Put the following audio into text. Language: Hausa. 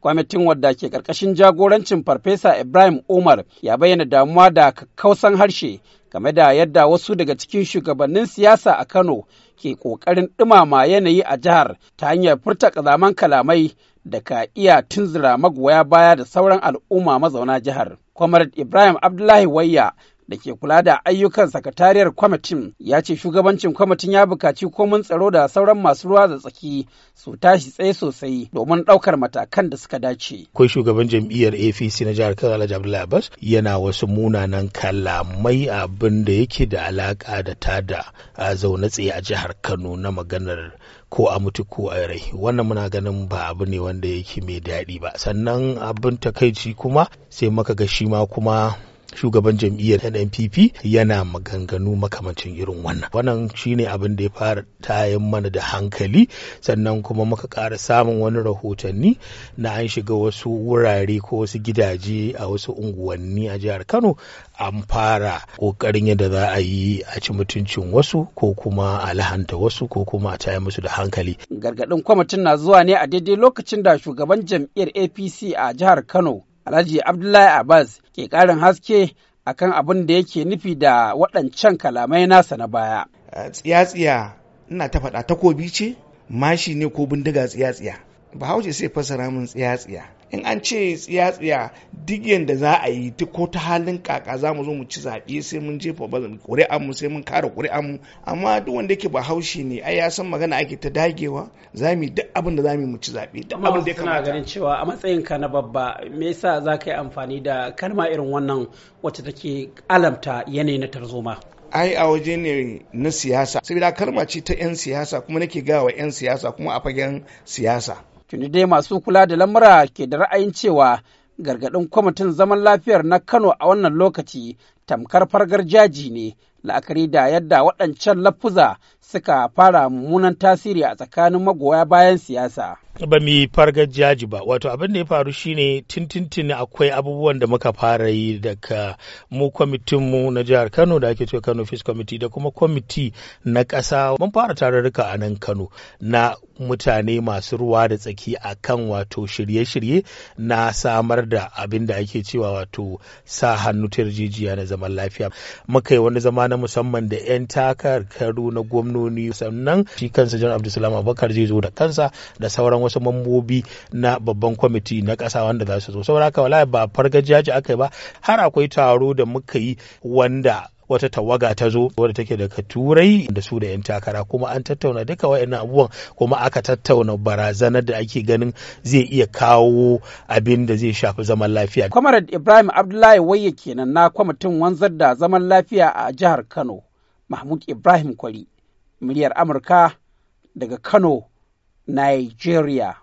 Kwamitin wadda ke ƙarƙashin jagorancin Farfesa Ibrahim Umar ya bayyana damuwa da kakkausan harshe game da yadda wasu daga cikin shugabannin siyasa a Kano ke ƙoƙarin ɗumama yanayi a jihar ta hanyar furta ƙazaman kalamai da ka iya tunzura magoya baya da sauran al'umma mazauna jihar. Comrade Ibrahim Abdullahi Wayya da ke kula da ayyukan sakatariyar kwamitin ya ce shugabancin kwamitin ya bukaci komin tsaro da sauran masu ruwa da tsaki su tashi tsaye sosai domin ɗaukar matakan da suka dace. Akwai shugaban jam'iyyar APC na jihar Kano Alhaji Abdullahi Abbas yana wasu munanan kalamai abin da yake da alaka da tada a zaune tsaye a jihar Kano na maganar ko a mutu ko a rai wannan muna ganin ba abu ne wanda yake mai daɗi ba sannan abin takaici kuma sai maka ga shi ma kuma shugaban jam'iyyar NNPP yana maganganu makamancin irin wannan wannan shine abin da ya fara tayan mana da hankali sannan kuma muka ƙara samun wani rahotanni na an shiga wasu wurare ko wasu gidaje a wasu unguwanni a jihar Kano an fara ƙoƙarin yadda za a yi a ci mutuncin wasu ko kuma a lahanta wasu ko kuma a tayi musu da hankali gargadin kwamitin na zuwa ne a daidai lokacin da shugaban jam'iyyar APC a jihar Kano Alhaji Abdullahi Abbas ke ƙarin haske akan abin da yake nufi da waɗancan kalamai nasa na baya. Tsiya-tsiya ina ta faɗa takobi ce mashi ne ko bindiga tsiya-tsiya bahaushe sai fasara min tsiya-tsiya in an ce tsiya-tsiya duk da za a yi duk ko ta halin kaka za mu zo mu ci zaɓe sai mun jefa bazan ƙuri'an mu sai mun kara ƙuri'an mu amma duk wanda yake bahaushe ne ai ya san magana ake ta dagewa za mu duk abin da za mu yi mu ci zaɓe duk abin da ya ganin cewa a matsayin ka na babba me yasa za ka yi amfani da kalma irin wannan wacce take alamta yanayi na tarzoma ai a waje ne na siyasa saboda kalma ce ta 'yan siyasa kuma nake gawa 'yan siyasa kuma a fagen siyasa tuni dai masu kula da lamura ke da ra'ayin cewa gargaɗin kwamitin zaman lafiyar na kano a wannan lokaci tamkar fargar jaji ne la'akari da yadda waɗancan lafuza suka fara mummunan tasiri a tsakanin magoya bayan siyasa. Ba mu fargajiyaji ba, wato abin da ya faru shine tintintin akwai abubuwan da muka fara yi daga mu kwamitinmu na jihar Kano da ake cewa Kano Fish Committee da kuma kwamiti na kasa. mun fara tararruka a nan Kano na mutane masu ruwa da tsaki a kan wato shirye-shirye na samar da abin da ake cewa wato sa hannu ta yarjejiya na zaman lafiya. Muka yi wani zama na musamman da 'yan takarkaru na gwamnoni sannan shi kansa jan abdulsalam abubakar zai zo da kansa da sauran wasu mambobi na babban kwamiti na kasa wanda za su zo saboda haka wala ba fargajiya ce aka yi ba har akwai taro da muka yi wanda wata tawaga ta zo wadda take daga turai da su da 'yan takara kuma an tattauna duka wayannan abubuwan kuma aka tattauna barazanar da ake ganin zai iya kawo abin da zai shafi zaman lafiya. Kwamarad Ibrahim Abdullahi Waye kenan na kwamitin wanzar da zaman lafiya a jihar Kano, Mahmud Ibrahim Kwari, muryar Amurka daga Kano, Nigeria.